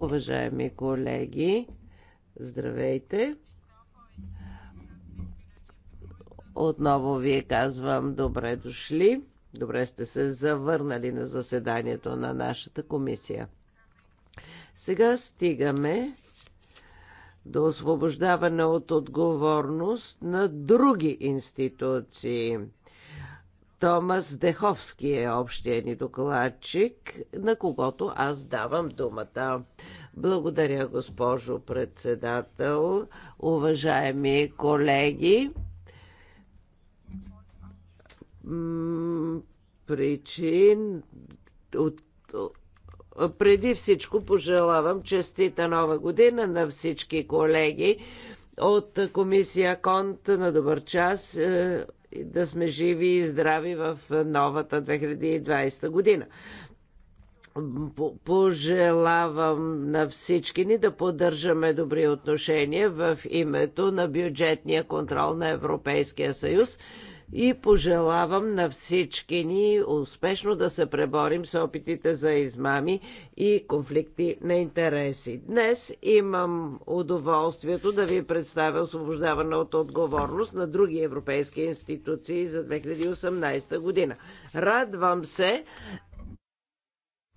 Уважаеми колеги, здравейте! Отново ви казвам добре дошли. Добре сте се завърнали на заседанието на нашата комисия. Сега стигаме до освобождаване от отговорност на други институции – Томас Деховски е общия ни докладчик, на когото аз давам думата. Благодаря, госпожо председател, уважаеми колеги. Причин от преди всичко пожелавам честита нова година на всички колеги от комисия Конт на добър час е, да сме живи и здрави в новата 2020 година пожелавам на всички ни да поддържаме добри отношения в името на бюджетния контрол на Европейския съюз, и пожелавам на всички ни успешно да се преборим с опитите за измами и конфликти на интереси. Днес имам удоволствието да ви представя освобождаване от отговорност на други европейски институции за 2018 година. Радвам се,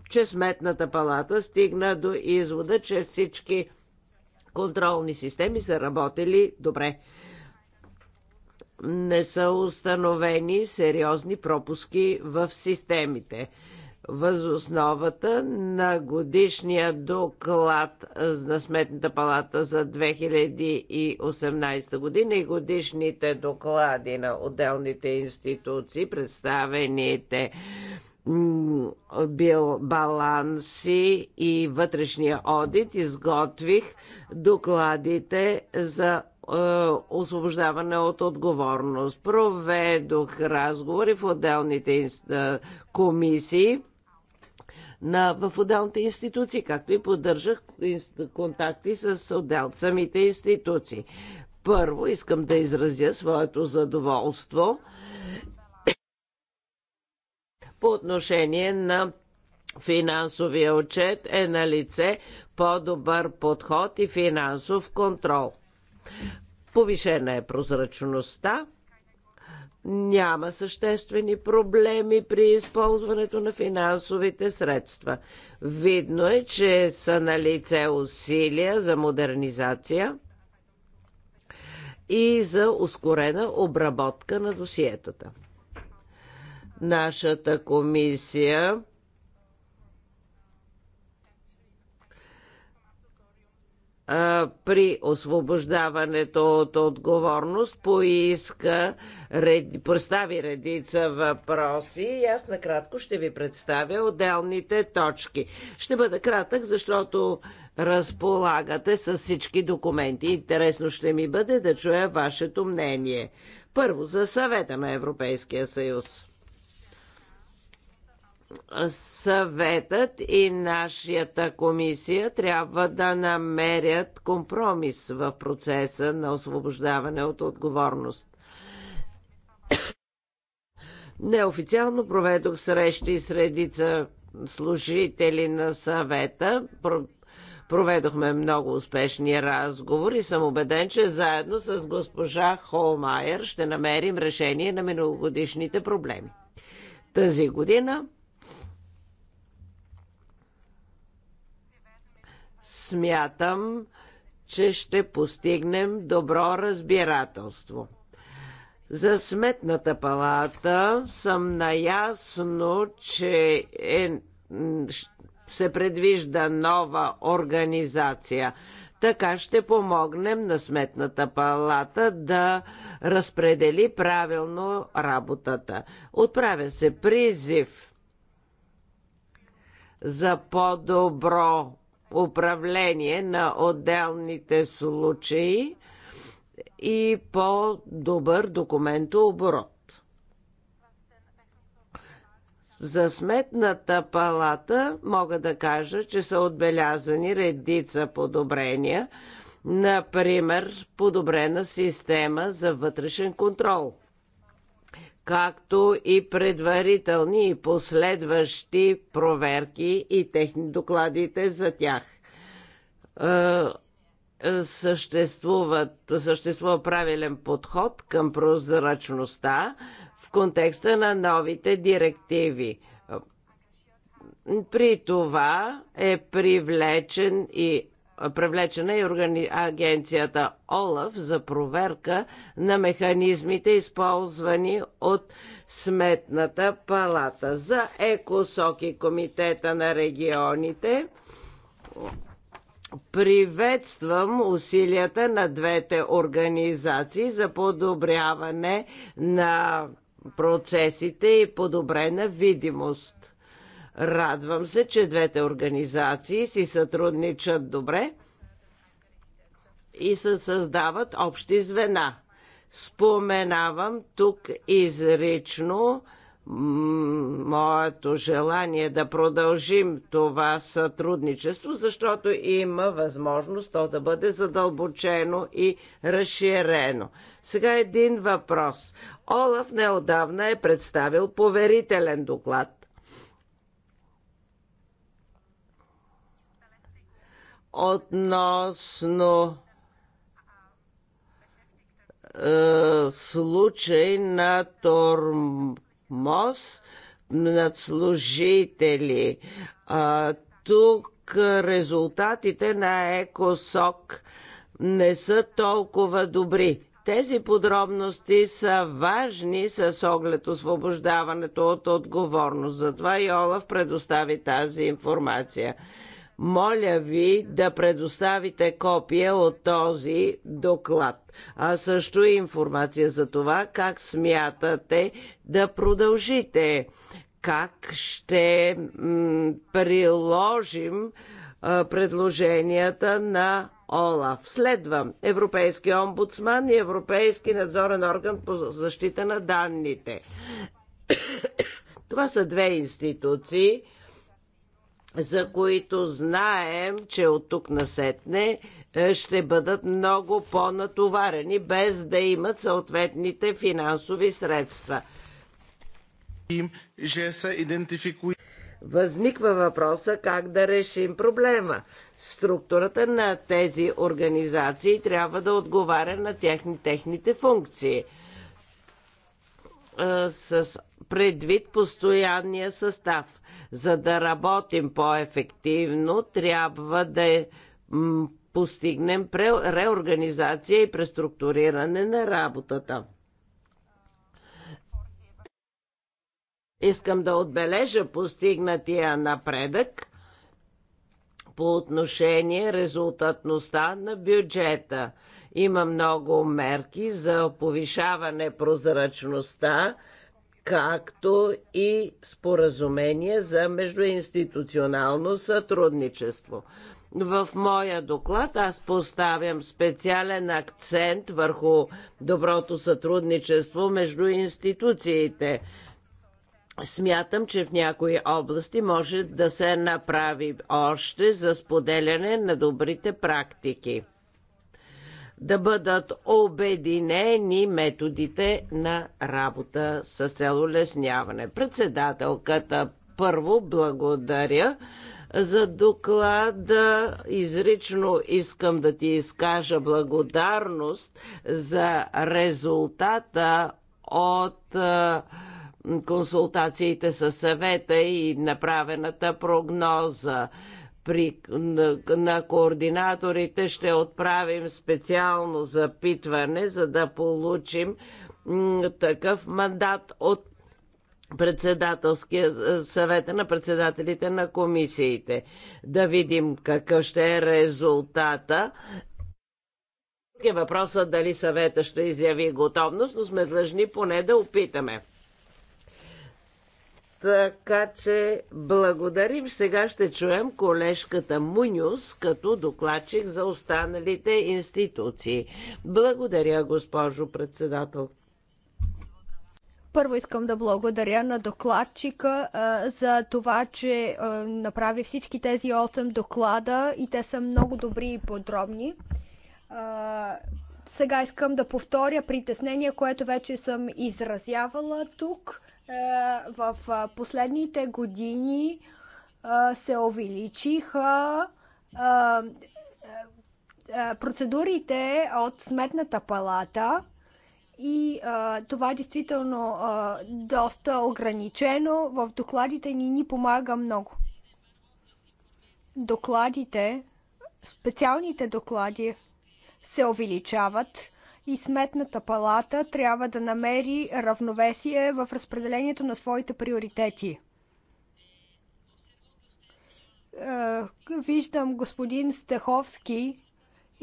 че Сметната палата стигна до извода, че всички контролни системи са работили добре не са установени сериозни пропуски в системите. Възосновата на годишния доклад на Сметната палата за 2018 година и годишните доклади на отделните институции, представените бил баланси и вътрешния одит, изготвих докладите за е, освобождаване от отговорност. Проведох разговори в отделните е, комисии на, в отделните институции, както и поддържах контакти с отдел, самите институции. Първо искам да изразя своето задоволство по отношение на финансовия отчет е на лице по-добър подход и финансов контрол. Повишена е прозрачността, няма съществени проблеми при използването на финансовите средства. Видно е, че са на лице усилия за модернизация и за ускорена обработка на досиетата. Нашата комисия при освобождаването от отговорност поиска, ред, представи редица въпроси и аз накратко ще ви представя отделните точки. Ще бъда кратък, защото разполагате с всички документи. Интересно ще ми бъде да чуя вашето мнение. Първо, за съвета на Европейския съюз съветът и нашата комисия трябва да намерят компромис в процеса на освобождаване от отговорност. Неофициално проведох срещи с редица служители на съвета. Проведохме много успешни разговори. Съм убеден, че заедно с госпожа Холмайер ще намерим решение на миналогодишните проблеми. Тази година смятам, че ще постигнем добро разбирателство. За сметната палата съм наясно, че е, се предвижда нова организация. Така ще помогнем на Сметната палата да разпредели правилно работата. Отправя се призив за по-добро управление на отделните случаи и по-добър документооборот. За сметната палата мога да кажа, че са отбелязани редица подобрения, например подобрена система за вътрешен контрол – както и предварителни и последващи проверки и техни докладите за тях е, е, съществуват, съществува правилен подход към прозрачността в контекста на новите директиви. При това е привлечен и привлечена и органи... агенцията ОЛАФ за проверка на механизмите, използвани от Сметната палата. За ЕКОСОК и Комитета на регионите Приветствам усилията на двете организации за подобряване на процесите и подобрена видимост Радвам се, че двете организации си сътрудничат добре и се създават общи звена. Споменавам тук изрично моето желание да продължим това сътрудничество, защото има възможност то да бъде задълбочено и разширено. Сега един въпрос. Олаф неодавна е представил поверителен доклад относно е, случай на тормоз над служители. тук резултатите на ЕКОСОК не са толкова добри. Тези подробности са важни с оглед освобождаването от отговорност. Затова и Олаф предостави тази информация. Моля ви да предоставите копия от този доклад, а също и информация за това как смятате да продължите, как ще приложим а, предложенията на ОЛАФ. Следва Европейски омбудсман и Европейски надзорен орган по защита на данните. Това са две институции, за които знаем, че от тук насетне е, ще бъдат много по-натоварени, без да имат съответните финансови средства. Възниква въпроса как да решим проблема. Структурата на тези организации трябва да отговаря на техни, техните функции. Е, с предвид постоянния състав за да работим по-ефективно, трябва да постигнем реорганизация и преструктуриране на работата. Искам да отбележа постигнатия напредък по отношение резултатността на бюджета. Има много мерки за повишаване прозрачността както и споразумение за междуинституционално сътрудничество. В моя доклад аз поставям специален акцент върху доброто сътрудничество между институциите. Смятам, че в някои области може да се направи още за споделяне на добрите практики да бъдат обединени методите на работа с цел улесняване. Председателката първо благодаря за доклада. Изрично искам да ти изкажа благодарност за резултата от консултациите със съвета и направената прогноза при, на, на координаторите ще отправим специално запитване, за да получим такъв мандат от председателския е, съвета на председателите на комисиите. Да видим какъв ще е резултата. Е въпросът дали съвета ще изяви готовност, но сме длъжни поне да опитаме. Така че благодарим. Сега ще чуем колежката Мунюс като докладчик за останалите институции. Благодаря, госпожо председател. Първо искам да благодаря на докладчика а, за това, че а, направи всички тези 8 доклада и те са много добри и подробни. А, сега искам да повторя притеснение, което вече съм изразявала тук е, в последните години се увеличиха процедурите от Сметната палата и това е действително доста ограничено. В докладите ни ни помага много. Докладите, специалните доклади се увеличават и Сметната палата трябва да намери равновесие в разпределението на своите приоритети. Е, виждам господин Стеховски,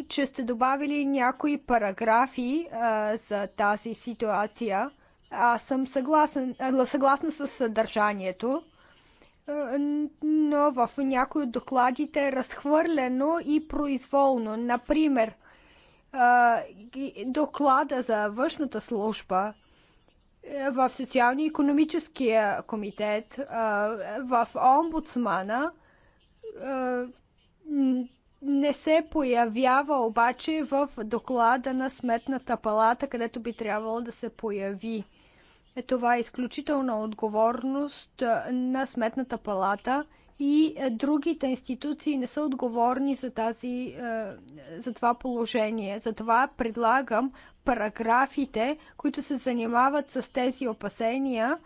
че сте добавили някои параграфи а, е, за тази ситуация. Аз съм съгласен, е, съгласна с съдържанието, но в някои от докладите е разхвърлено и произволно. Например, доклада за външната служба е, в социално-економическия комитет, е, в омбудсмана, е, не се появява обаче в доклада на Сметната палата, където би трябвало да се появи. Това е изключителна отговорност на Сметната палата и е, другите институции не са отговорни за, тази, е, за това положение. Затова предлагам параграфите, които се занимават с тези опасения,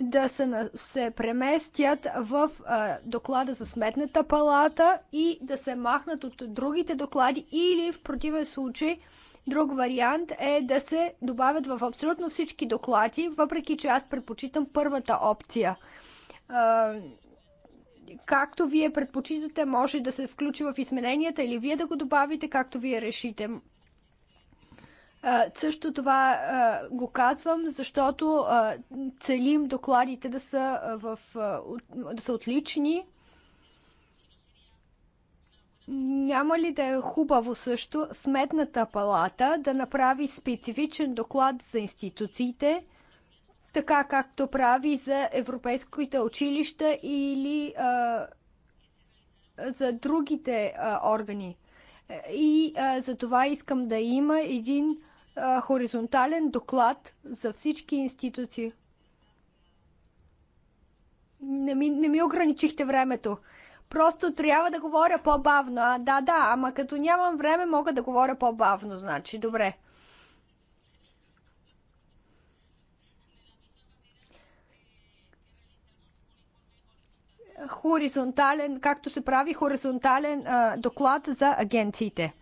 да се, се преместят в а, е, доклада за сметната палата и да се махнат от другите доклади или в противен случай друг вариант е да се добавят в абсолютно всички доклади, въпреки че аз предпочитам първата опция. А, както вие предпочитате, може да се включи в измененията или вие да го добавите, както вие решите. Също това го казвам, защото целим докладите да са, в, да са отлични. Няма ли да е хубаво също Сметната палата да направи специфичен доклад за институциите, така както прави за европейските училища или а, за другите а, органи. И а, за това искам да има един а, хоризонтален доклад за всички институции. Не ми, не ми ограничихте времето. Просто трябва да говоря по-бавно. А, да, да, ама като нямам време, мога да говоря по-бавно, значи. Добре. хоризонтален, както се прави хоризонтален а, доклад за агенциите.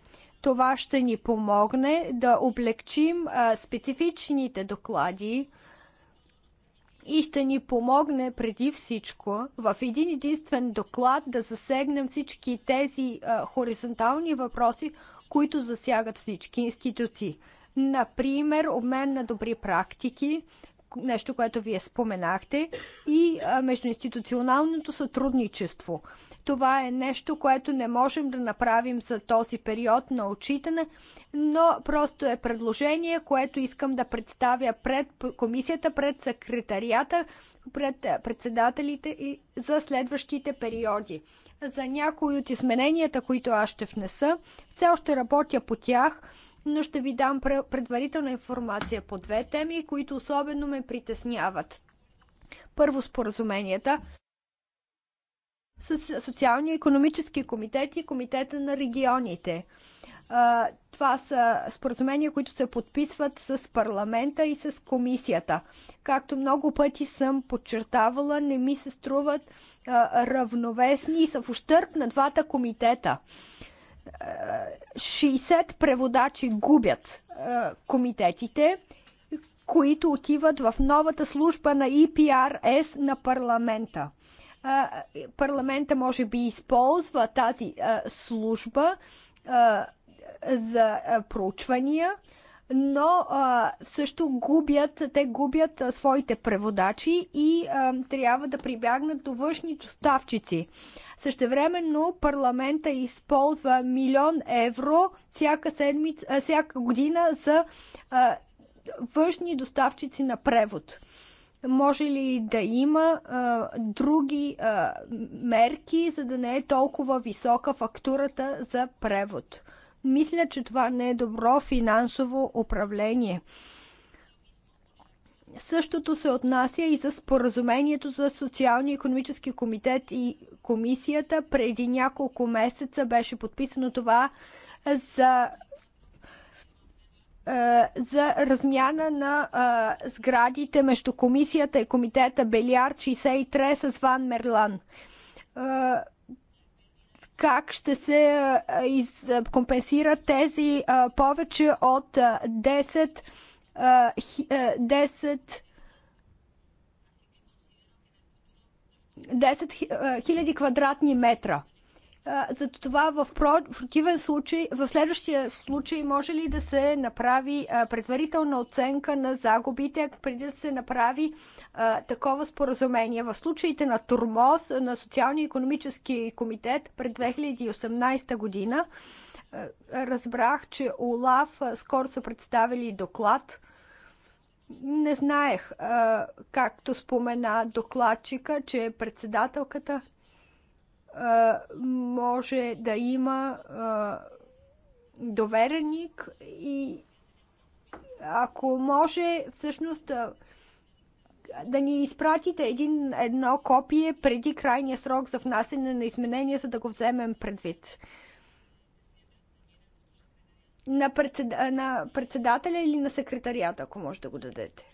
Това ще ни помогне да облегчим а, специфичните доклади и ще ни помогне преди всичко в един единствен доклад да засегнем всички тези а, хоризонтални въпроси, които засягат всички институции. Например, обмен на добри практики, нещо, което вие споменахте, и междуинституционалното сътрудничество. Това е нещо, което не можем да направим за този период на отчитане, но просто е предложение, което искам да представя пред комисията, пред секретарията, пред председателите и за следващите периоди. За някои от измененията, които аз ще внеса, все още работя по тях – но ще ви дам предварителна информация по две теми, които особено ме притесняват. Първо споразуменията с социално-економически комитет и комитета на регионите. Това са споразумения, които се подписват с парламента и с комисията. Както много пъти съм подчертавала, не ми се струват равновесни и са в ущърп на двата комитета. 60 преводачи губят комитетите, които отиват в новата служба на EPRS на парламента. Парламента може би използва тази служба за проучвания, но а, също губят, те губят а, своите преводачи и а, трябва да прибягнат до външни доставчици. Същевременно парламента използва милион евро всяка, седмица, а, всяка година за а, външни доставчици на превод. Може ли да има а, други а, мерки, за да не е толкова висока фактурата за превод? Мисля, че това не е добро финансово управление. Същото се отнася и за споразумението за и економически комитет и комисията. Преди няколко месеца беше подписано това за е, за размяна на е, сградите между комисията и комитета Белиар 63 с Ван Мерлан. Е, как ще се компенсират тези повече от 10 10 10 000 квадратни метра това в противен случай, в следващия случай може ли да се направи предварителна оценка на загубите, преди да се направи такова споразумение? В случаите на турмоз на Социалния економически комитет през 2018 година разбрах, че Олаф скоро са представили доклад. Не знаех, както спомена докладчика, че председателката може да има довереник и ако може всъщност да ни изпратите един, едно копие преди крайния срок за внасене на изменения, за да го вземем предвид. На, председ... на председателя или на секретарията, ако може да го дадете.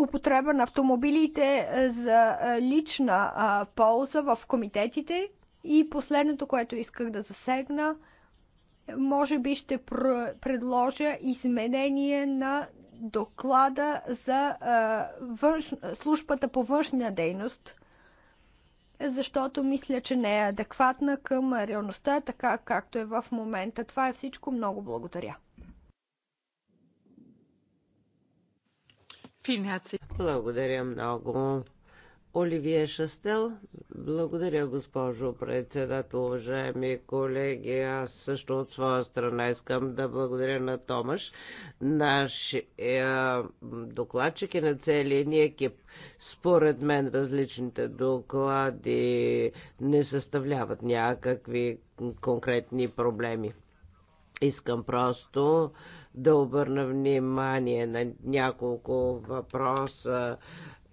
употреба на автомобилите за лична полза в комитетите. И последното, което исках да засегна, може би ще предложа изменение на доклада за външ... службата по външна дейност, защото мисля, че не е адекватна към реалността, така както е в момента. Това е всичко. Много благодаря. Благодаря много. Оливия Шастел. Благодаря, госпожо председател, уважаеми колеги. Аз също от своя страна искам да благодаря на Томаш, наш е, докладчик и е на целия ни екип. Според мен различните доклади не съставляват някакви конкретни проблеми. Искам просто да обърна внимание на няколко въпроса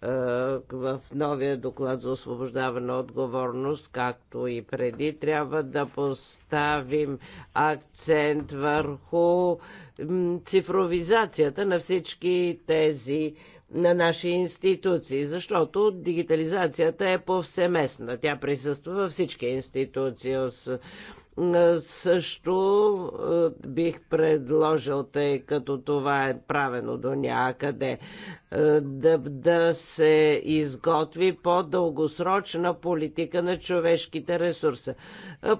е, в новия доклад за освобождаване от отговорност, както и преди, трябва да поставим акцент върху цифровизацията на всички тези на наши институции, защото дигитализацията е повсеместна. Тя присъства във всички институции също бих предложил, тъй като това е правено до някъде, да, да се изготви по-дългосрочна политика на човешките ресурси.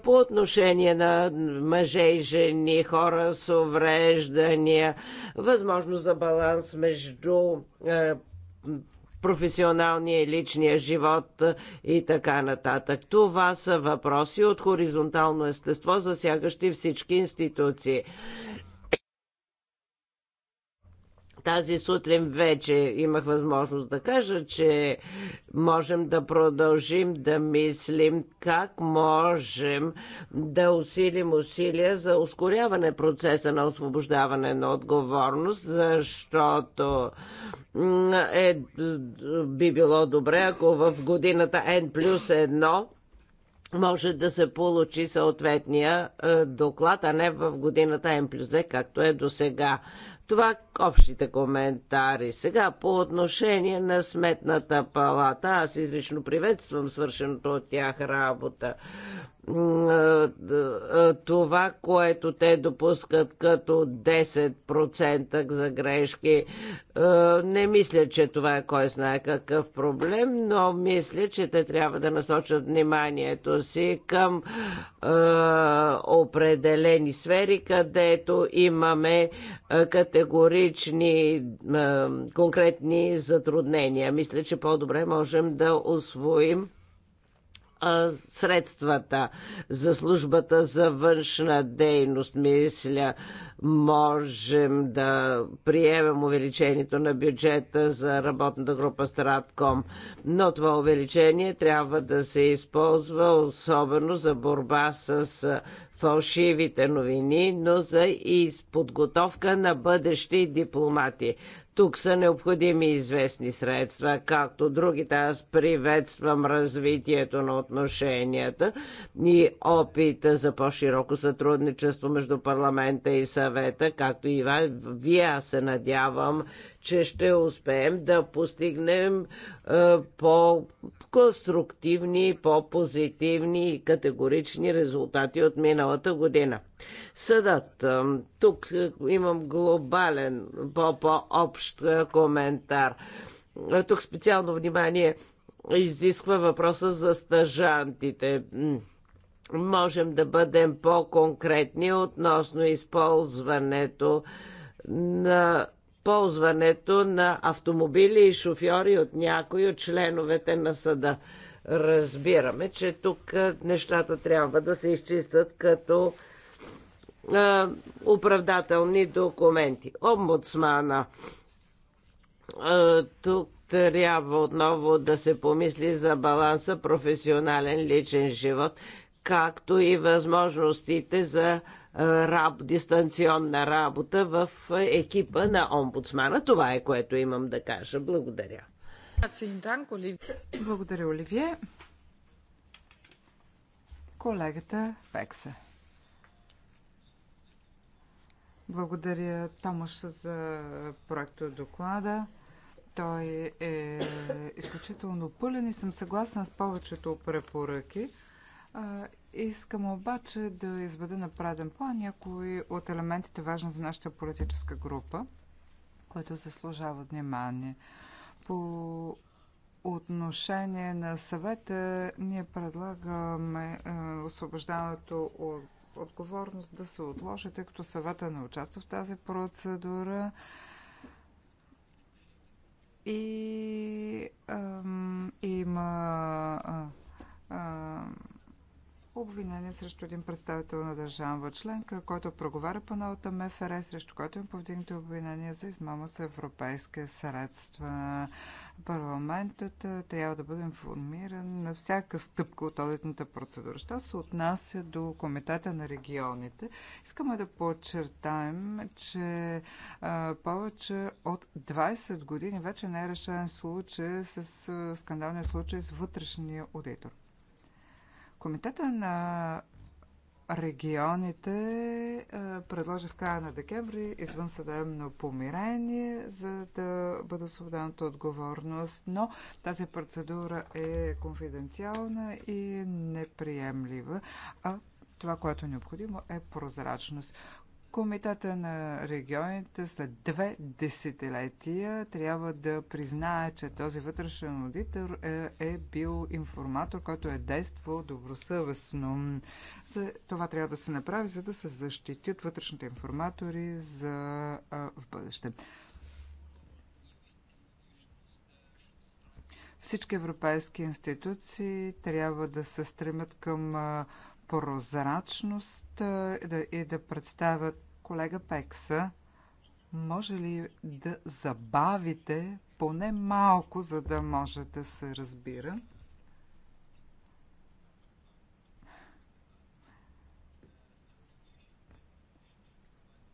По отношение на мъже и жени, хора с увреждания, възможно за баланс между професионалния и личния живот и така нататък. Това са въпроси от хоризонтално естество, засягащи всички институции. Тази сутрин вече имах възможност да кажа, че можем да продължим да мислим как можем да усилим усилия за ускоряване процеса на освобождаване на отговорност, защото е, би било добре, ако в годината N плюс 1 може да се получи съответния е, доклад, а не в годината М плюс 2, както е до сега. Това общите коментари. Сега по отношение на Сметната палата, аз излично приветствам свършеното от тях работа. Това, което те допускат като 10% за грешки, не мисля, че това е кой знае какъв проблем, но мисля, че те трябва да насочат вниманието си към определени сфери, където имаме категория категорични конкретни затруднения. Мисля, че по-добре можем да освоим средствата за службата за външна дейност. Мисля, можем да приемем увеличението на бюджета за работната група Стратком, но това увеличение трябва да се използва особено за борба с фалшивите новини, но за и подготовка на бъдещи дипломати. Тук са необходими известни средства, както другите. Аз приветствам развитието на отношенията и опита за по-широко сътрудничество между парламента и съвета, както и вие. Аз се надявам, че ще успеем да постигнем е, по-конструктивни, по-позитивни и категорични резултати от миналата година. Съдът, е, тук е, имам глобален, по-общ -по коментар. Тук специално внимание изисква въпроса за стъжантите. можем да бъдем по-конкретни относно използването на ползването на автомобили и шофьори от някои от членовете на съда. Разбираме, че тук нещата трябва да се изчистят като а, оправдателни документи. Омбудсмана. тук трябва отново да се помисли за баланса професионален личен живот, както и възможностите за раб, дистанционна работа в екипа на омбудсмана. Това е което имам да кажа. Благодаря. Благодаря, Оливие. Колегата Фекса. Благодаря Томаш за проекта доклада. Той е изключително пълен и съм съгласен с повечето препоръки. А, искам обаче да изведа на преден план някои от елементите важни за нашата политическа група, които заслужават внимание. По отношение на съвета ние предлагаме е, освобождаването от отговорност да се отложи, тъй като съвета не участва в тази процедура. И има обвинение срещу един представител на държава членка, който проговаря по новата МФР, срещу който им повдигнато обвинение за измама с европейски средства. Парламентът трябва да бъде информиран на всяка стъпка от одитната процедура. Що се отнася до Комитета на регионите, искаме да подчертаем, че а, повече от 20 години вече не е решен случай с а, скандалния случай с вътрешния аудитор. Комитета на регионите е, предложи в края на декември съдебно помирение, за да бъде освободен от отговорност, но тази процедура е конфиденциална и неприемлива, а това, което е необходимо, е прозрачност. Комитета на регионите след две десетилетия трябва да признае, че този вътрешен аудитор е, е бил информатор, който е действал добросъвестно. За това трябва да се направи, за да се защитят вътрешните информатори за а, в бъдеще. Всички европейски институции трябва да се стремят към прозрачност и да представят Колега Пекса, може ли да забавите поне малко, за да може да се разбира?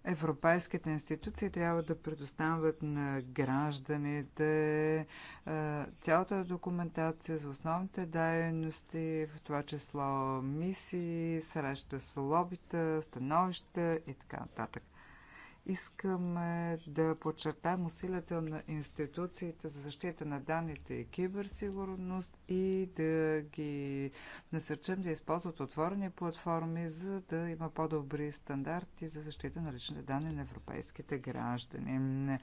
Европейските институции трябва да предоставят на гражданите цялата документация за основните дейности, в това число мисии, среща с лобита, становища и така нататък. Искаме да подчертаем усилията на институциите за защита на данните и киберсигурност и да ги насърчим да използват отворени платформи, за да има по-добри стандарти за защита на личните данни на европейските граждани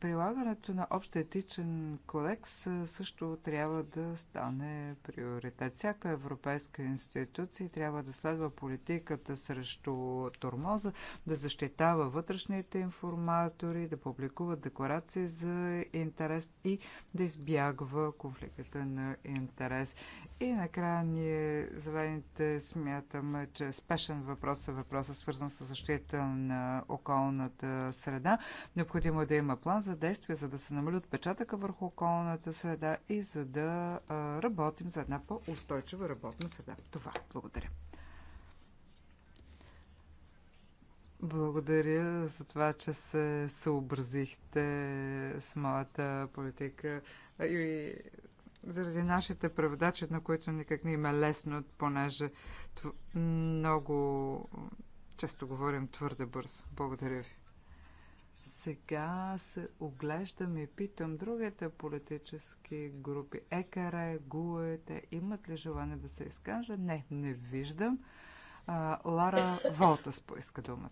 Прилагането на общ етичен кодекс също трябва да стане приоритет. Всяка европейска институция трябва да следва политиката срещу тормоза, да защитава вътрешните информатори, да публикува декларации за интерес и да избягва конфликтата на интерес. И накрая ние, заведените, смятаме, че спешен въпрос е въпросът свързан с защита на околната среда. Необходимо е да има план за действие, за да се намали отпечатъка върху околната среда и за да работим за една по-устойчива работна среда. Това. Благодаря. Благодаря за това, че се съобразихте с моята политика и заради нашите преводачи, на които никак не има е лесно, понеже много често говорим твърде бързо. Благодаря ви. Сега се оглеждам и питам другите политически групи. ЕКР, ГУЕТЕ, имат ли желание да се изкажа? Не, не виждам. А, Лара Волтас поиска думата.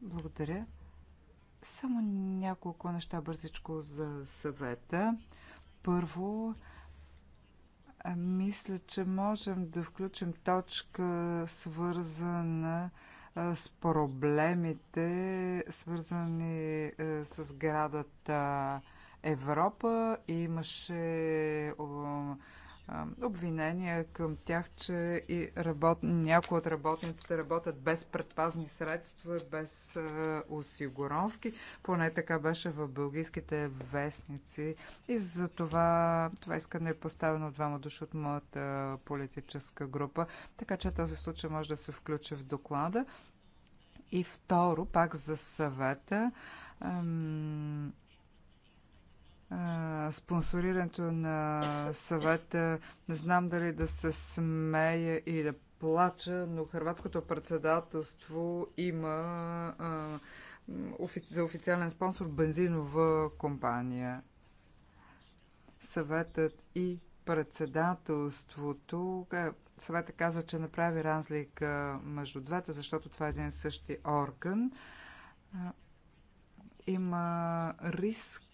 Благодаря. Само няколко неща бързичко за съвета. Първо, мисля, че можем да включим точка свързана с с проблемите, свързани с градата Европа. Имаше обвинения към тях, че и работ... някои от работниците работят без предпазни средства, без а, осигуровки. Поне така беше в бългийските вестници. И за това, това искане е поставено от двама души от моята политическа група. Така че този случай може да се включи в доклада. И второ, пак за съвета. Ам спонсорирането на съвета. Не знам дали да се смея и да плача, но хрватското председателство има а, офи, за официален спонсор бензинова компания. Съветът и председателството. Съветът каза, че направи разлика между двете, защото това е един същи орган има риск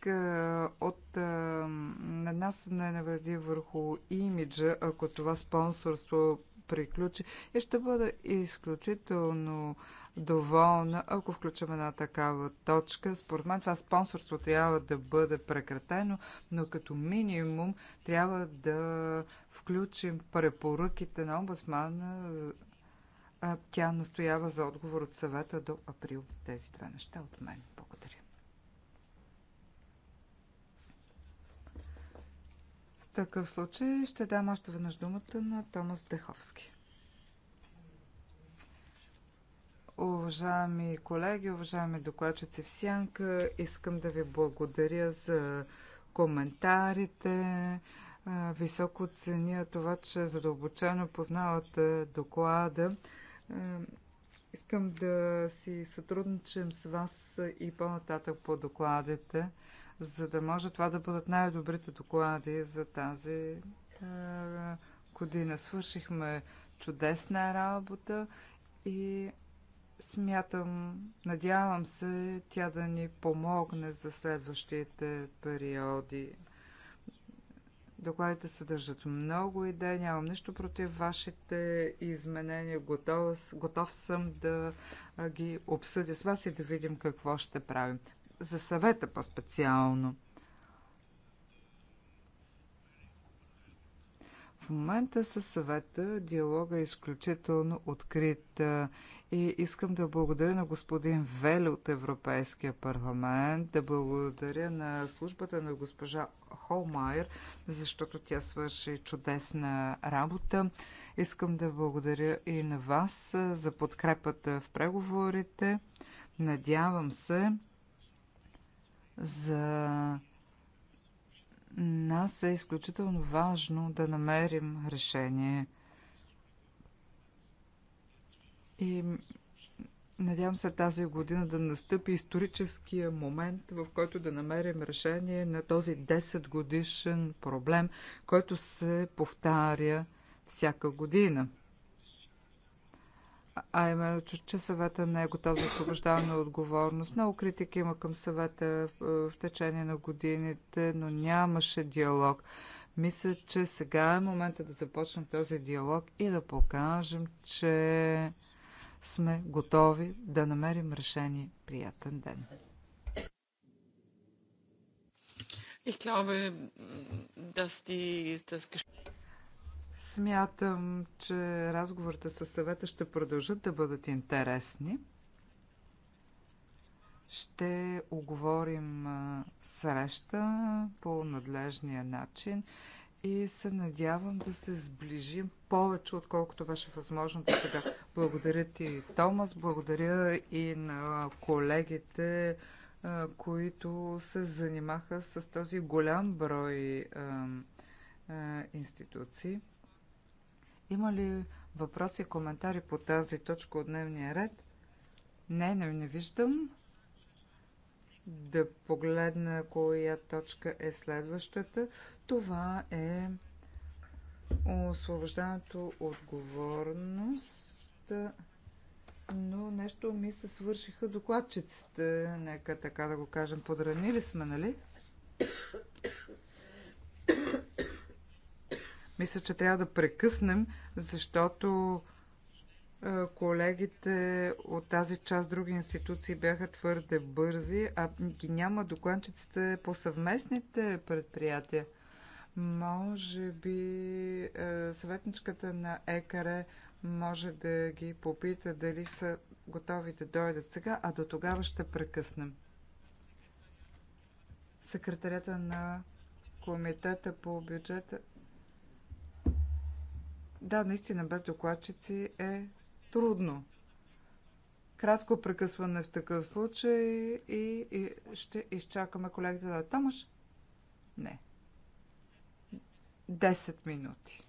от нанасене на вреди върху имиджа, ако това спонсорство приключи. И ще бъда изключително доволна, ако включим една такава точка. Според мен това спонсорство трябва да бъде прекратено, но като минимум трябва да включим препоръките на омбудсмана. Тя настоява за отговор от съвета до април. Тези две неща от мен. Благодаря. В такъв случай ще дам още веднъж думата на Томас Деховски. Уважаеми колеги, уважаеми докладчици в Сянка, искам да ви благодаря за коментарите. Високо ценя това, че задълбочено познавате доклада. Искам да си сътрудничим с вас и по-нататък по докладите, за да може това да бъдат най-добрите доклади за тази година. Свършихме чудесна работа и смятам, надявам се тя да ни помогне за следващите периоди Докладите съдържат много идеи, нямам нищо против вашите изменения. Готов, готов съм да ги обсъдя с вас и да видим какво ще правим. За съвета по-специално – В момента със съвета диалога е изключително открит и искам да благодаря на господин Вели от Европейския парламент, да благодаря на службата на госпожа Холмайер, защото тя свърши чудесна работа. Искам да благодаря и на вас за подкрепата в преговорите. Надявам се за нас е изключително важно да намерим решение. И надявам се тази година да настъпи историческия момент, в който да намерим решение на този 10 годишен проблем, който се повтаря всяка година а именно, че съвета не е готов за освобождаване отговорност. Много критики има към съвета в течение на годините, но нямаше диалог. Мисля, че сега е момента да започнем този диалог и да покажем, че сме готови да намерим решение. Приятен ден! Ich glaube, dass die, das Смятам, че разговорите с съвета ще продължат да бъдат интересни. Ще оговорим среща по надлежния начин и се надявам да се сближим повече, отколкото беше възможно до сега. Благодаря ти, Томас, благодаря и на колегите, които се занимаха с този голям брой институции. Има ли въпроси коментари по тази точка от дневния ред? Не, не, не виждам. Да погледна коя точка е следващата. Това е освобождането отговорност. Но нещо ми се свършиха докладчиците. Нека така да го кажем. Подранили сме, нали? Мисля, че трябва да прекъснем, защото колегите от тази част други институции бяха твърде бързи, а ги няма докладчиците по съвместните предприятия. Може би съветничката на ЕКАРЕ може да ги попита дали са готови да дойдат сега, а до тогава ще прекъснем. Секретарята на комитета по бюджета да, наистина без докладчици е трудно. Кратко прекъсване в такъв случай и, и ще изчакаме колегите да Тамаш. Не. 10 минути.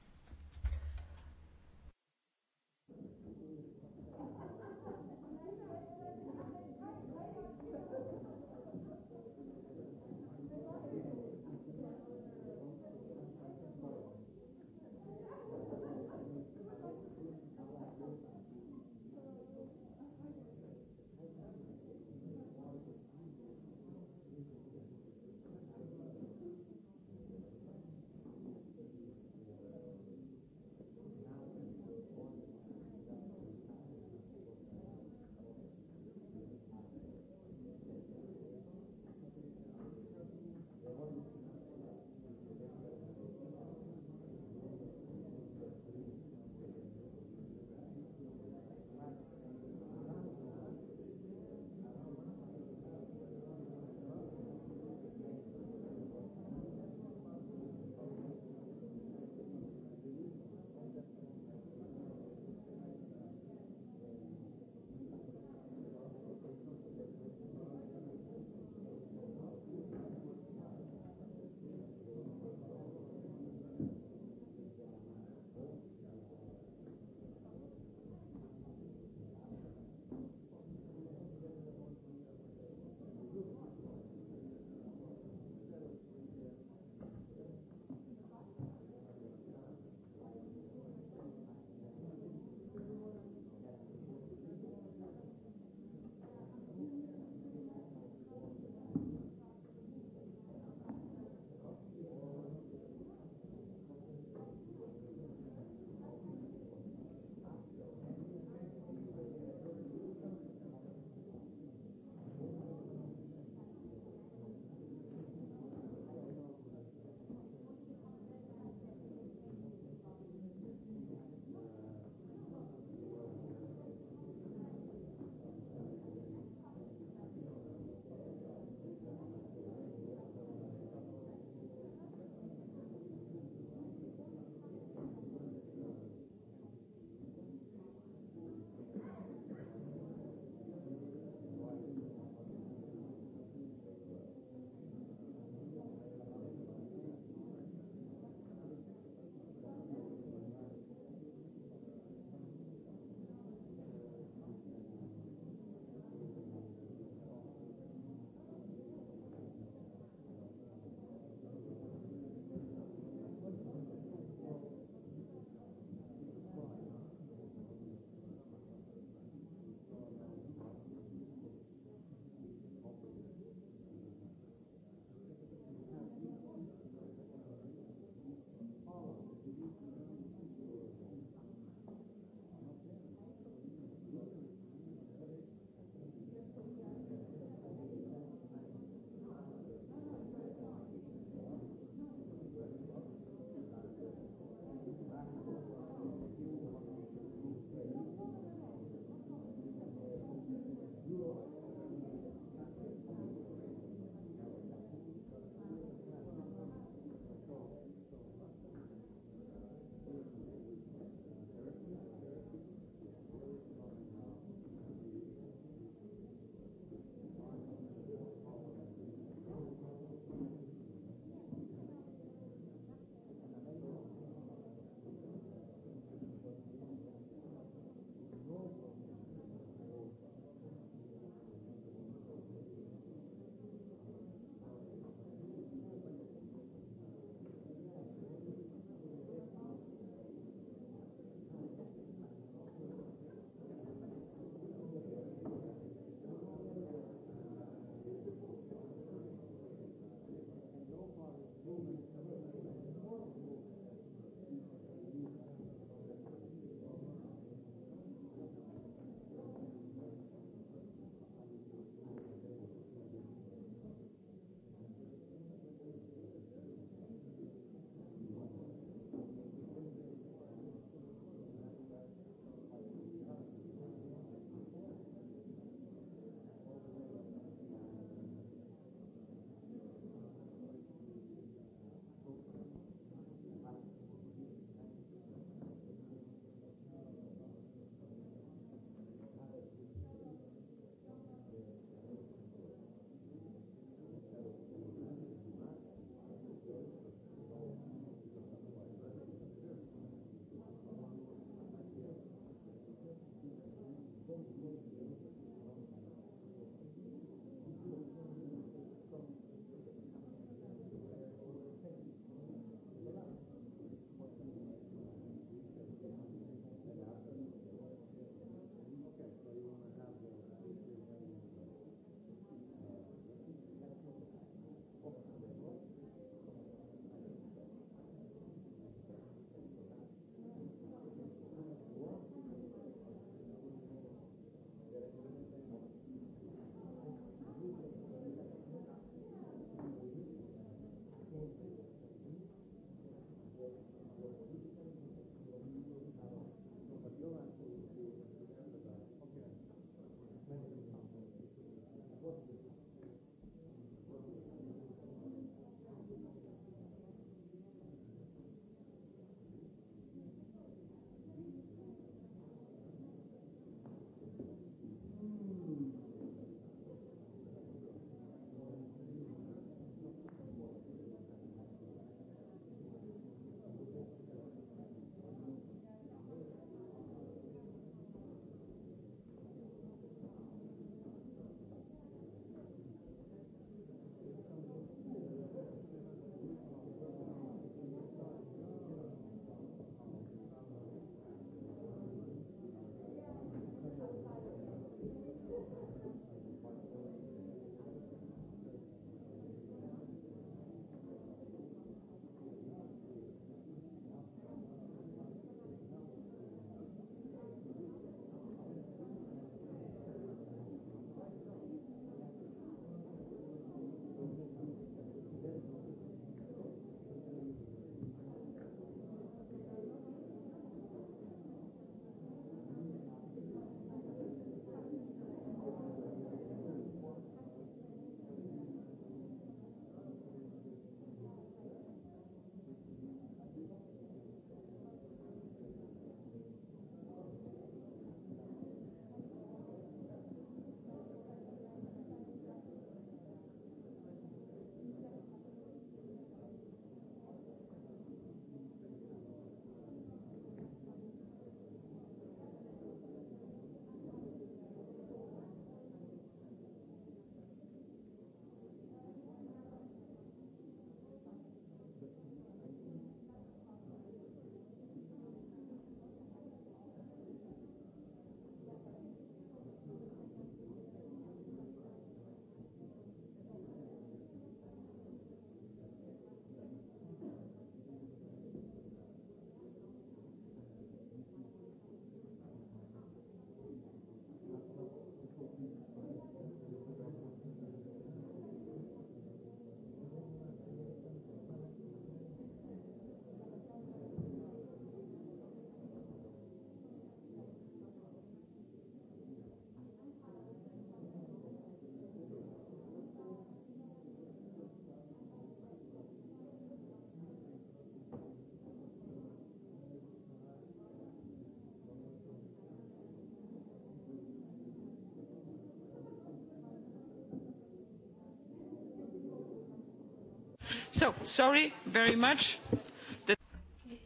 So, sorry very much.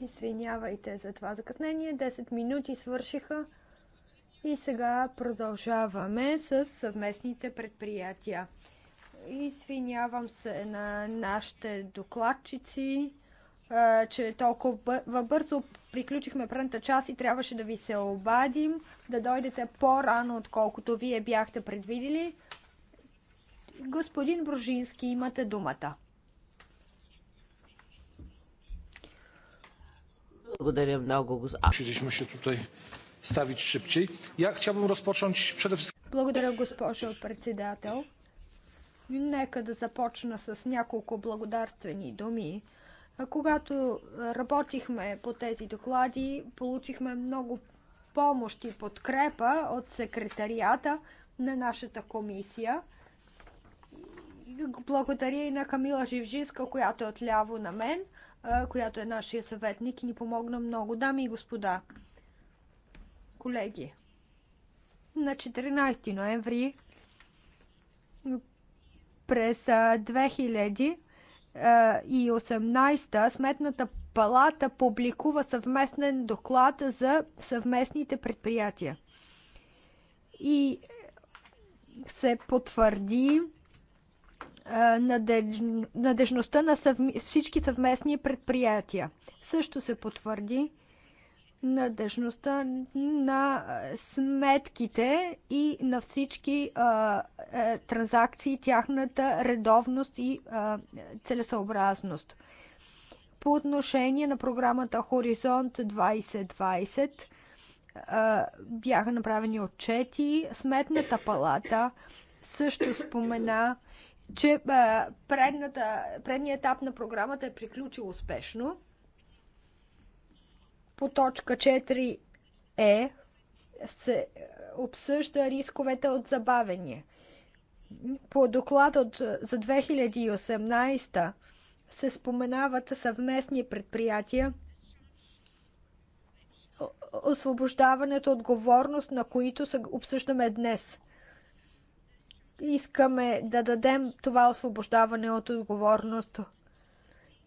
Извинявайте за това закъснение. 10 минути свършиха. И сега продължаваме с съвместните предприятия. Извинявам се на нашите докладчици, че толкова бързо приключихме първата част и трябваше да ви се обадим, да дойдете по-рано, отколкото вие бяхте предвидели. Господин Бружински, имате думата. Благодаря много. Благодаря, госпожо председател. Нека да започна с няколко благодарствени думи. Когато работихме по тези доклади, получихме много помощ и подкрепа от секретарията на нашата комисия. Благодаря и на Камила Живжиска, която е отляво на мен – която е нашия съветник и ни помогна много. Дами и господа, колеги, на 14 ноември през 2018 Сметната палата публикува съвместен доклад за съвместните предприятия. И се потвърди надеж... надежността на всички съвместни предприятия. Също се потвърди надежността на сметките и на всички а, а, транзакции, тяхната редовност и а, целесъобразност. По отношение на програмата Хоризонт 2020 а, бяха направени отчети. Сметната палата също спомена че предната, предният етап на програмата е приключил успешно. По точка 4 е се обсъжда рисковете от забавение. По доклад от, за 2018 се споменават съвместни предприятия, освобождаването отговорност, на които обсъждаме днес искаме да дадем това освобождаване от отговорност.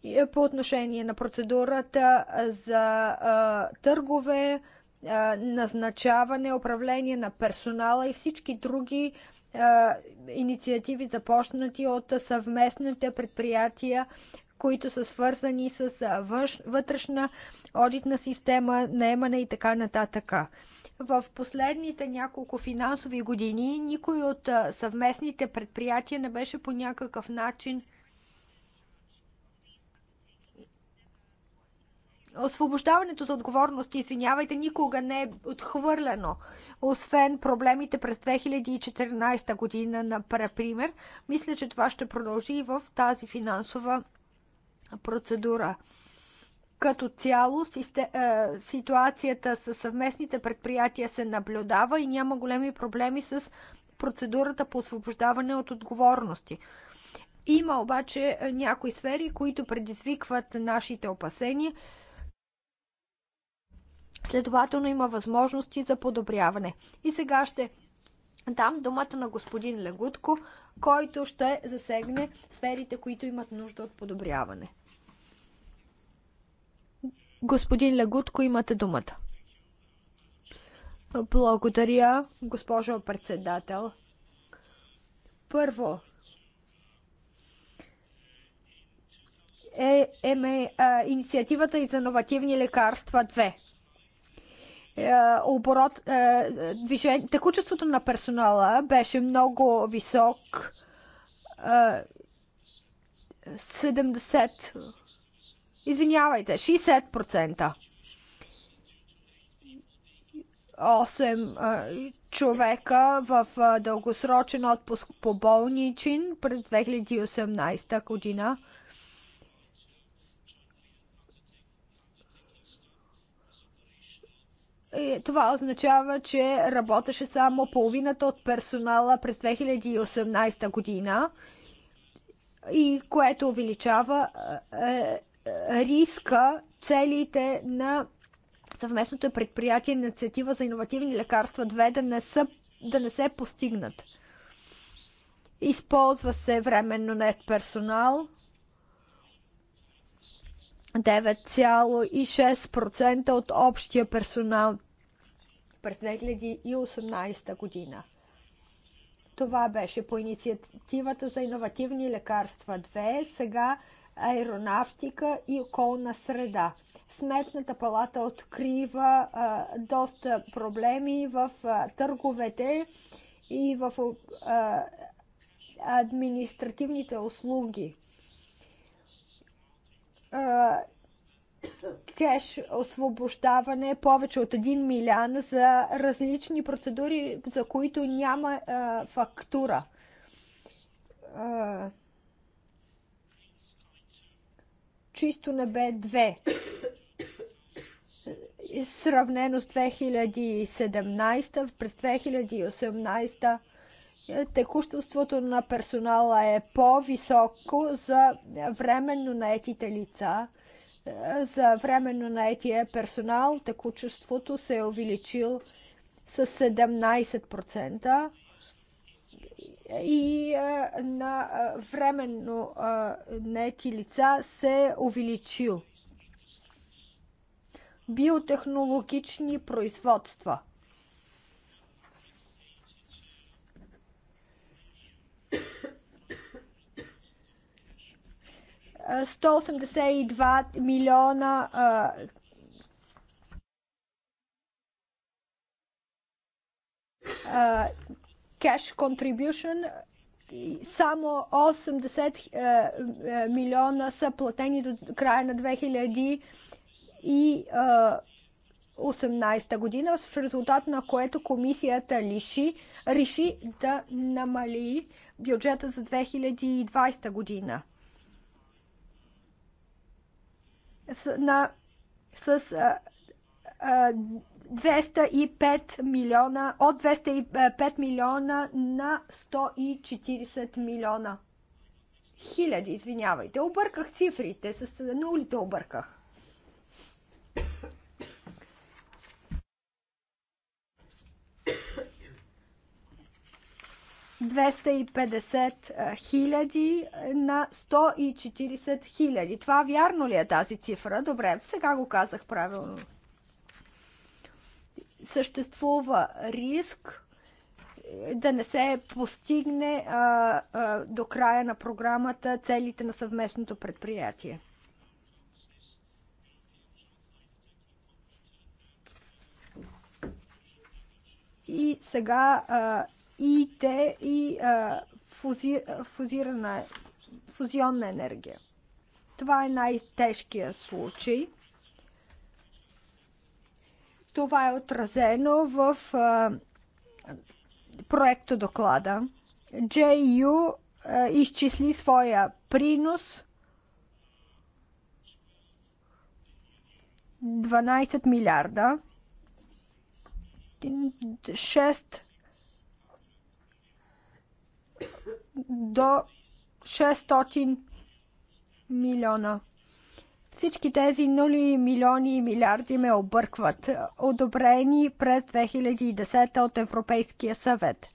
Е, по отношение на процедурата за а, търгове, а, назначаване, управление на персонала и всички други а, инициативи, започнати от съвместните предприятия, които са свързани с вътрешна одитна система, наемане и така нататък. В последните няколко финансови години никой от съвместните предприятия не беше по някакъв начин освобождаването за отговорност, извинявайте, никога не е отхвърлено. Освен проблемите през 2014 година, например, мисля, че това ще продължи и в тази финансова процедура. Като цяло е, ситуацията с съвместните предприятия се наблюдава и няма големи проблеми с процедурата по освобождаване от отговорности. Има обаче е, някои сфери, които предизвикват нашите опасения. Следователно има възможности за подобряване. И сега ще дам думата на господин Легутко, който ще засегне сферите, които имат нужда от подобряване. Господин Лагутко, имате думата. Благодаря, госпожо председател. Първо, е, е, е, инициативата и за новативни лекарства 2 е, оборот, е, движен... текучеството на персонала беше много висок. 70 е, Извинявайте, 60%. 8 човека в дългосрочен отпуск по болничин през 2018 година. И това означава, че работеше само половината от персонала през 2018 година и което увеличава е, риска целите на съвместното предприятие инициатива за иновативни лекарства 2 да не, са, да не се постигнат. Използва се временно нет персонал. 9,6% от общия персонал през 2018 година. Това беше по инициативата за иновативни лекарства 2. Сега аеронавтика и околна среда. Сметната палата открива а, доста проблеми в а, търговете и в а, административните услуги. А, кеш освобождаване повече от 1 милиан за различни процедури, за които няма а, фактура. А, чисто небе 2 сравнено с 2017, през 2018 е, текуществото на персонала е по-високо за временно наетите лица. Е, за временно наетия персонал текучеството се е увеличил с 17% и на временно наети лица се увеличил. Биотехнологични производства. Сто милиона cash contribution само 80 е, е, милиона са платени до края на 2018 е, година, в резултат на което комисията лиши, реши да намали бюджета за 2020 година. С, на, с а, а, 205 милиона, от 205 милиона на 140 милиона. Хиляди, извинявайте. Обърках цифрите, с нулите обърках. Двеста и хиляди на 140 хиляди. Това вярно ли е тази цифра? Добре, сега го казах правилно съществува риск е, да не се постигне а, а, до края на програмата целите на съвместното предприятие. И сега а, и те, и а, фузи, фузирана, е, фузионна енергия. Това е най-тежкия случай. Това е отразено в проекто доклада. JU изчисли своя принос 12 милиарда. 6 до 600 милиона всички тези нули, милиони и милиарди ме объркват, одобрени през 2010 от Европейския съвет.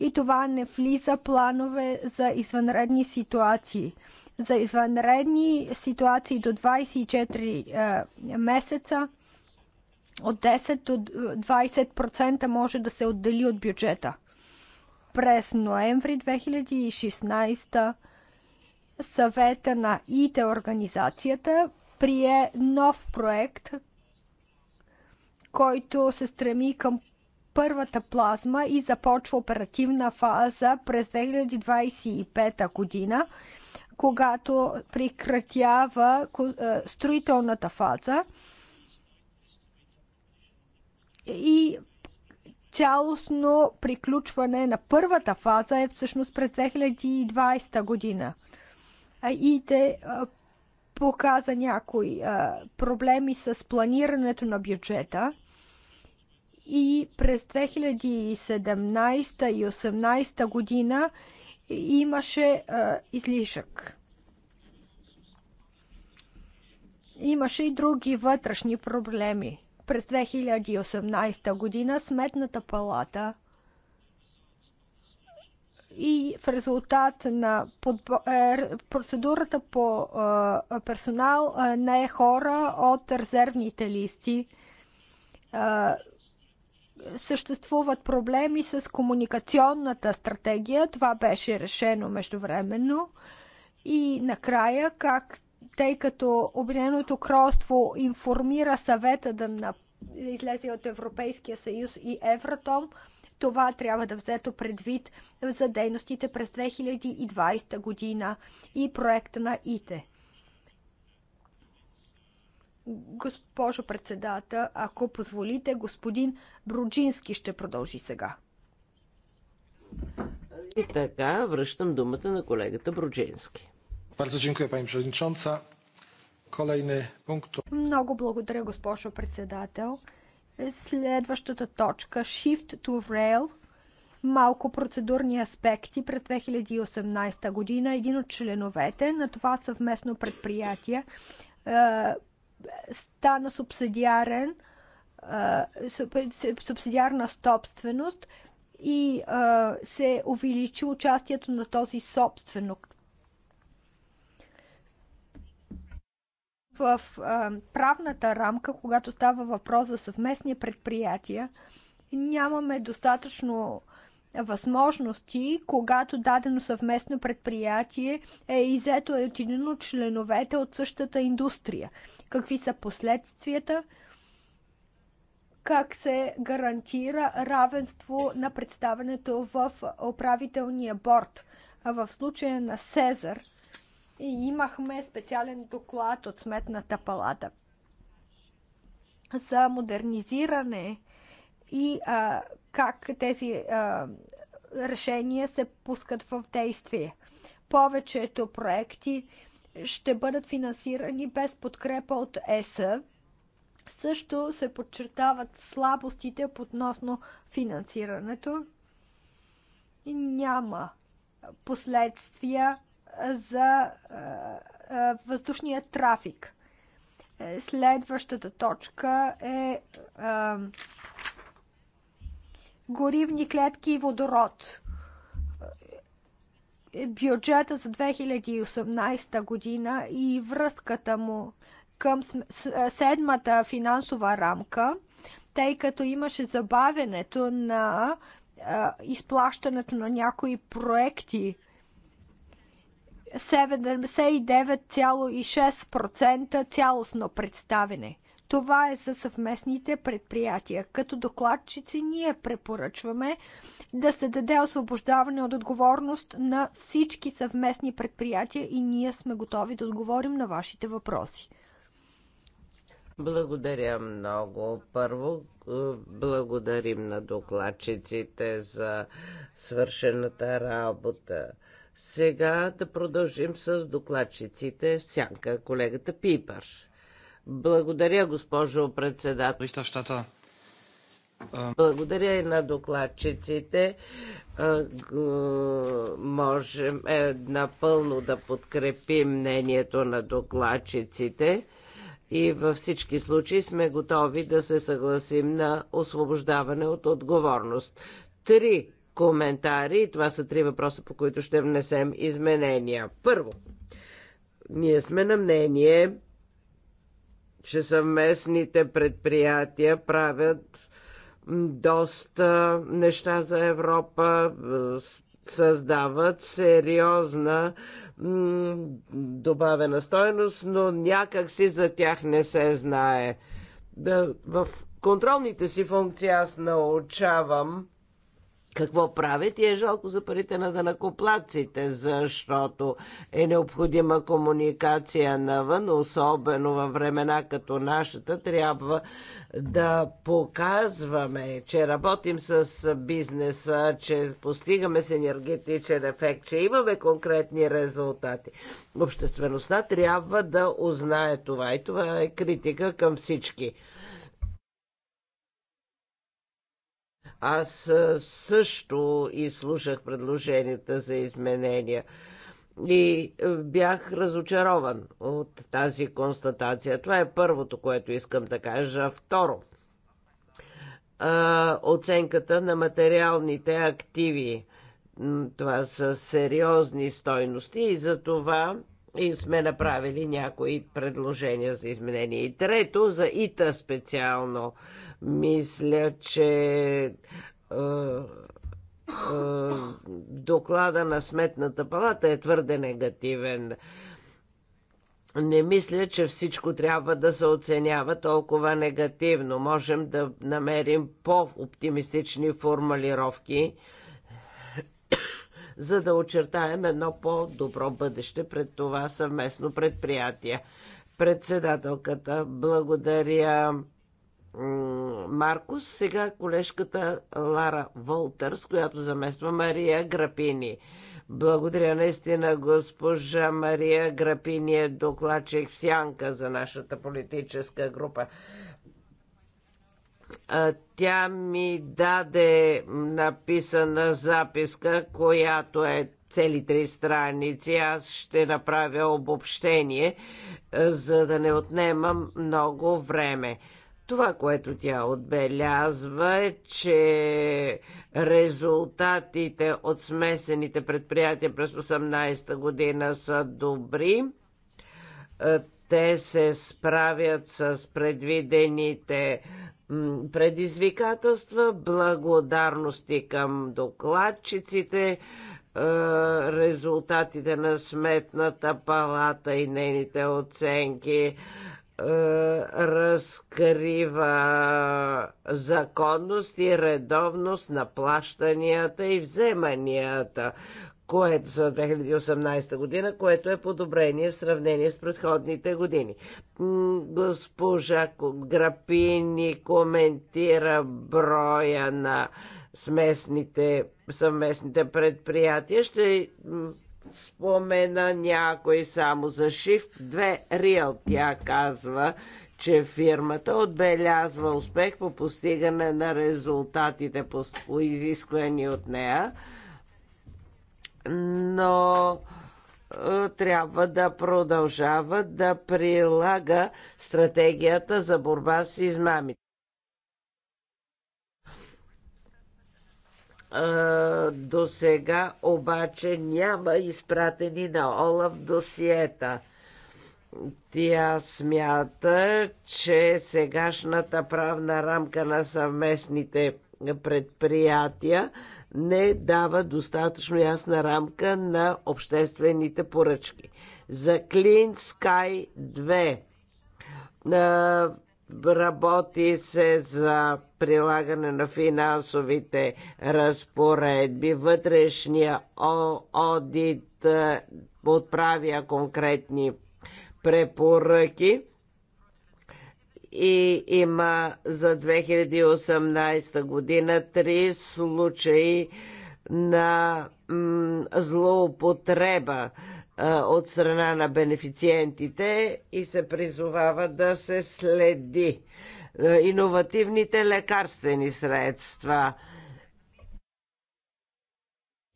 И това не влиза планове за извънредни ситуации. За извънредни ситуации до 24 е, месеца от 10 до 20% може да се отдели от бюджета. През ноември 2016 съвета на ИТ организацията прие нов проект, който се стреми към първата плазма и започва оперативна фаза през 2025 година, когато прекратява е, строителната фаза и цялостно приключване на първата фаза е всъщност през 2020 година и те показа някои проблеми с планирането на бюджета и през 2017 и 2018 година имаше а, излишък. Имаше и други вътрешни проблеми. През 2018 година Сметната палата и в резултат на подбо... Е, процедурата по е, персонал не е хора от резервните листи. Е, съществуват проблеми с комуникационната стратегия. Това беше решено междувременно. И накрая, как тъй като Обединеното кралство информира съвета да на... излезе от Европейския съюз и Евротом, това трябва да взето предвид за дейностите през 2020 година и проекта на ИТЕ. Госпожо председател, ако позволите, господин Бруджински ще продължи сега. И така, връщам думата на колегата Бруджински. Много благодаря, госпожо председател. Следващата точка Shift to Rail малко процедурни аспекти през 2018 година. Един от членовете на това съвместно предприятие стана субсидиарен, субсидиарна собственост и се увеличи участието на този собственик в правната рамка, когато става въпрос за съвместни предприятия, нямаме достатъчно възможности, когато дадено съвместно предприятие е изето от един от членовете от същата индустрия. Какви са последствията? Как се гарантира равенство на представенето в управителния борт? В случая на Сезар – и имахме специален доклад от Сметната палата за модернизиране и а, как тези а, решения се пускат в действие. Повечето проекти ще бъдат финансирани без подкрепа от ЕСА. Също се подчертават слабостите относно финансирането. Няма последствия за въздушния трафик. Е, следващата точка е горивни клетки и водород. Е, бюджета за 2018 година и връзката му към седмата финансова рамка, тъй като имаше забавянето на изплащането на някои проекти 79,6% цялостно представене. Това е за съвместните предприятия. Като докладчици ние препоръчваме да се даде освобождаване от отговорност на всички съвместни предприятия и ние сме готови да отговорим на вашите въпроси. Благодаря много. Първо, е, благодарим на докладчиците за свършената работа. Сега да продължим с докладчиците. Сянка, колегата Пипар. Благодаря, госпожо председател. Е Благодаря и на докладчиците. Можем е, напълно да подкрепим мнението на докладчиците и във всички случаи сме готови да се съгласим на освобождаване от отговорност. Три коментари. Това са три въпроса, по които ще внесем изменения. Първо, ние сме на мнение, че съвместните предприятия правят доста неща за Европа, създават сериозна добавена стоеност, но някак си за тях не се знае. Да, в контролните си функции аз научавам какво правят и е жалко за парите на данакоплаците, защото е необходима комуникация навън, особено във времена като нашата, трябва да показваме, че работим с бизнеса, че постигаме с енергетичен ефект, че имаме конкретни резултати. Обществеността трябва да узнае това и това е критика към всички Аз също изслушах предложенията за изменения и бях разочарован от тази констатация. Това е първото, което искам да кажа. Второ, оценката на материалните активи. Това са сериозни стойности и за това и сме направили някои предложения за изменение. И трето, за ИТА специално, мисля, че е, е, доклада на Сметната палата е твърде негативен. Не мисля, че всичко трябва да се оценява толкова негативно. Можем да намерим по-оптимистични формулировки за да очертаем едно по-добро бъдеще пред това съвместно предприятие. Председателката, благодаря. Маркус, сега колежката Лара Волтърс, която замества Мария Грапини. Благодаря наистина госпожа Мария Грапини е докладчик в сянка за нашата политическа група. Тя ми даде написана записка, която е цели три страници. Аз ще направя обобщение, за да не отнемам много време. Това, което тя отбелязва е, че резултатите от смесените предприятия през 18-та година са добри. Те се справят с предвидените предизвикателства, благодарности към докладчиците, е, резултатите на сметната палата и нейните оценки е, разкрива законност и редовност на плащанията и вземанията, което за 2018 година, което е подобрение в сравнение с предходните години. Госпожа Грапини коментира броя на смесните, съвместните предприятия. Ще спомена някой само за Shift 2 Real. Тя казва, че фирмата отбелязва успех по постигане на резултатите по изисквани от нея но е, трябва да продължава да прилага стратегията за борба с измамите. До сега обаче няма изпратени на Олаф досиета. Тя смята, че сегашната правна рамка на съвместните предприятия не дава достатъчно ясна рамка на обществените поръчки. За Clean Sky 2 работи се за прилагане на финансовите разпоредби, вътрешния одит отправя конкретни препоръки и има за 2018 година три случаи на злоупотреба от страна на бенефициентите и се призовава да се следи иновативните лекарствени средства.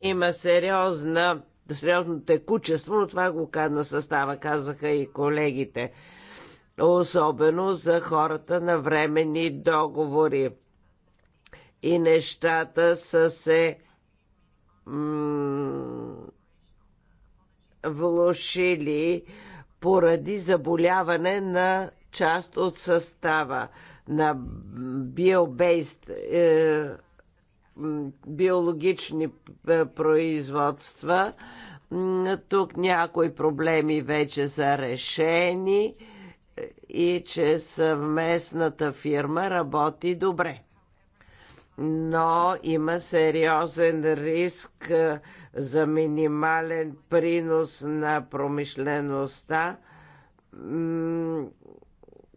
Има сериозна, сериозно текучество, но това го на състава, казаха и колегите особено за хората на временни договори. И нещата са се влушили поради заболяване на част от състава на биобейст е, биологични е, производства. Тук някои проблеми вече са решени и че съвместната фирма работи добре. Но има сериозен риск за минимален принос на промишлеността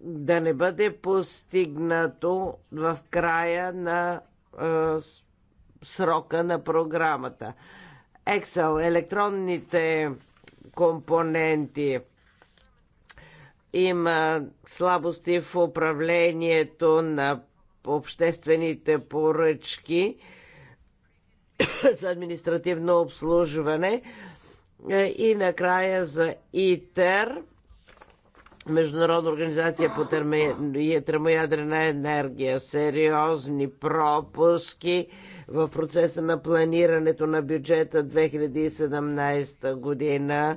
да не бъде постигнато в края на срока на програмата. Excel, електронните компоненти – има слабости в управлението на обществените поръчки за административно обслужване е, и накрая за ИТЕР, Международна организация по термоядрена енергия, сериозни пропуски в процеса на планирането на бюджета 2017 година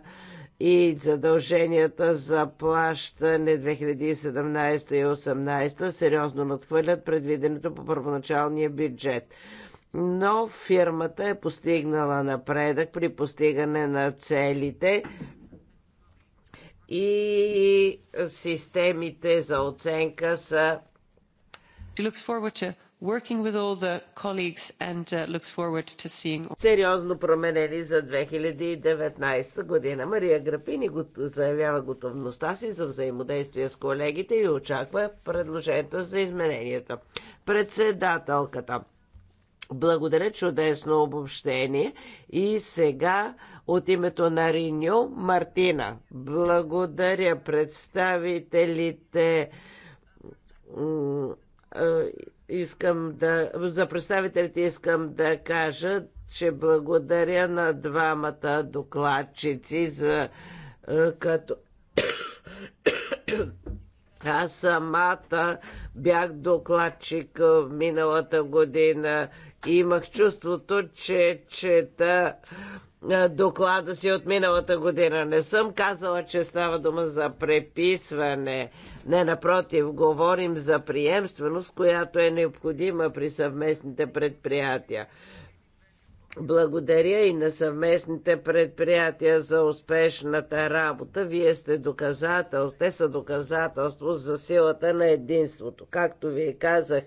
и задълженията за плащане 2017 и 2018 сериозно надхвърлят предвиденото по първоначалния бюджет но фирмата е постигнала напредък при постигане на целите и системите за оценка са working with all the colleagues and uh, looks forward to seeing... Сериозно променени за 2019 година. Мария Грапини го заявява готовността си за взаимодействие с колегите и очаква предложенията за измененията. Председателката. Благодаря, чудесно обобщение. И сега от името на Риньо Мартина. Благодаря представителите искам да, за представителите искам да кажа, че благодаря на двамата докладчици за е, като аз самата бях докладчик миналата година и имах чувството, че чета доклада си от миналата година. Не съм казала, че става дума за преписване. Не, напротив, говорим за приемственост, която е необходима при съвместните предприятия. Благодаря и на съвместните предприятия за успешната работа. Вие сте доказателство. те са доказателство за силата на единството. Както ви казах,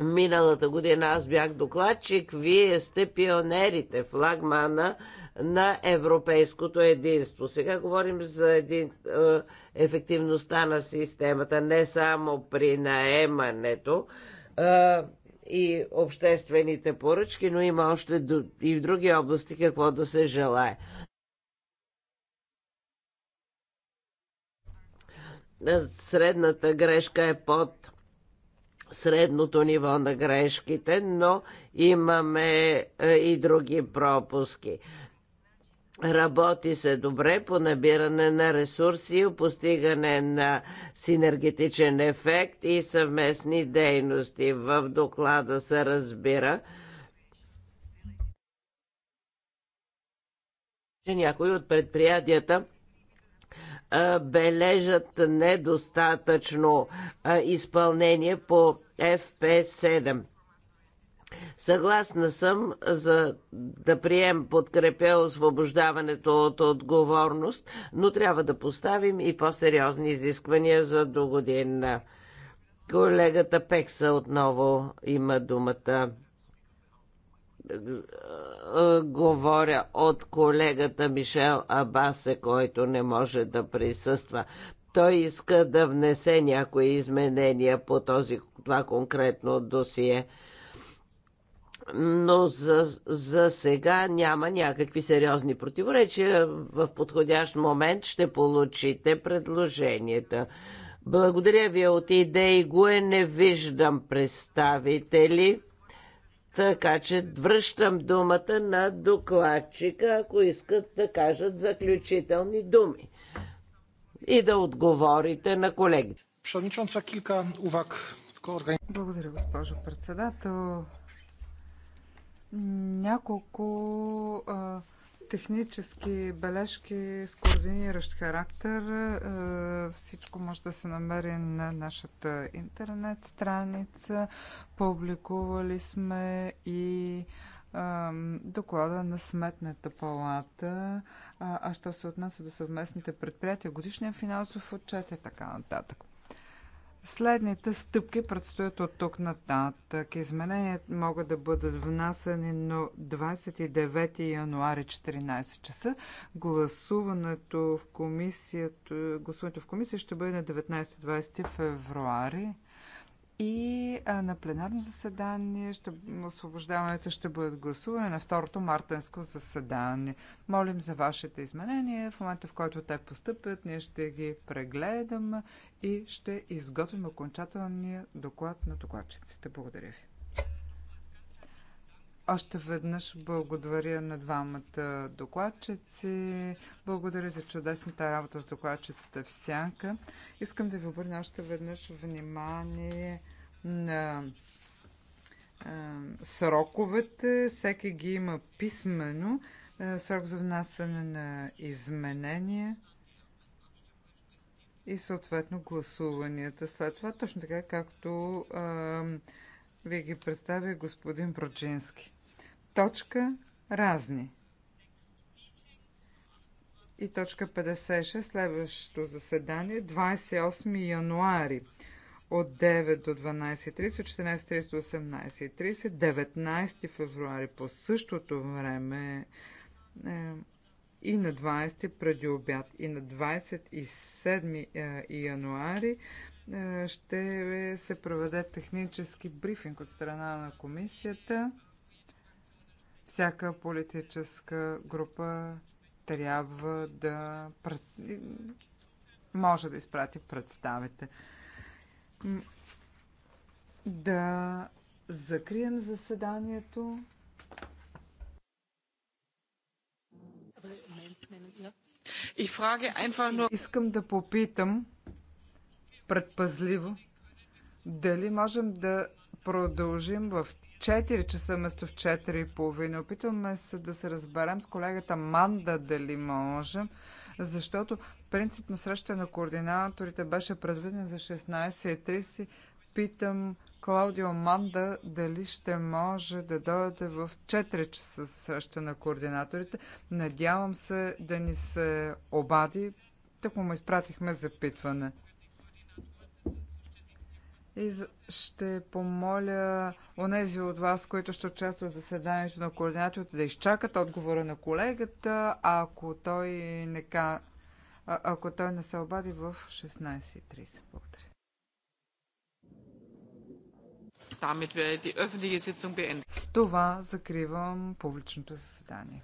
миналата година аз бях докладчик, вие сте пионерите, флагмана на европейското единство. Сега говорим за един, е, ефективността на системата, не само при наемането, е, и обществените поръчки, но има още и в други области какво да се желае. Средната грешка е под средното ниво на грешките, но имаме е, и други пропуски. Работи се добре по набиране на ресурси, постигане на синергетичен ефект и съвместни дейности. В доклада се разбира, че някои от предприятията бележат недостатъчно изпълнение по FP7. Съгласна съм за да прием подкрепя освобождаването от отговорност, но трябва да поставим и по-сериозни изисквания за до година. Колегата Пекса отново има думата е, е, говоря от колегата Мишел Абасе, който не може да присъства. Той иска да внесе някои изменения по този, това конкретно досие но за, за сега няма някакви сериозни противоречия. В подходящ момент ще получите предложенията. Благодаря ви от идеи, го е не виждам представители. Така че връщам думата на докладчика, ако искат да кажат заключителни думи и да отговорите на колегите. Благодаря, госпожо председател няколко а, технически бележки с координиращ характер. А, всичко може да се намери на нашата интернет страница. Публикували сме и доклада на Сметната палата, а, а що се отнася до съвместните предприятия, годишния финансов отчет и така нататък. Следните стъпки предстоят от тук нататък. Изменения могат да бъдат внасани на 29 януари 14 часа. Гласуването в комисията, гласуването в комисия ще бъде на 19-20 февруари. И а, на пленарно заседание ще, освобождаването ще бъдат гласуване на второто мартенско заседание. Молим за вашите изменения. В момента, в който те постъпят, ние ще ги прегледаме и ще изготвим окончателния доклад на докладчиците. Благодаря ви. Още веднъж благодаря на двамата докладчици. Благодаря за чудесната работа с докладчицата в Сянка. Искам да ви обърна още веднъж внимание на сроковете. Всеки ги има писменно. Срок за внасяне на изменения и съответно гласуванията. След това, точно така, както а, ви ги представя господин Брочински. Точка разни. И точка 56, следващото заседание, 28 януари от 9 до 12.30, 14.30 до 18.30, 19 февруари по същото време е, и на 20 преди обяд и на 27 е, януари е, ще се проведе технически брифинг от страна на комисията. Всяка политическа група трябва да може да изпрати представите да закрием заседанието. Искам да попитам предпазливо дали можем да продължим в 4 часа вместо в 4 и половина. Опитваме се да се разберем с колегата Манда дали можем, защото на среща на координаторите беше предвиден за 16.30. Питам Клаудио Манда дали ще може да дойде в 4 часа среща на координаторите. Надявам се да ни се обади. Тък му изпратихме запитване. И ще помоля онези от вас, които ще участват в заседанието на координаторите, да изчакат отговора на колегата, ако той не, а, ако той не се обади в 16.30. Благодаря. С това закривам публичното заседание.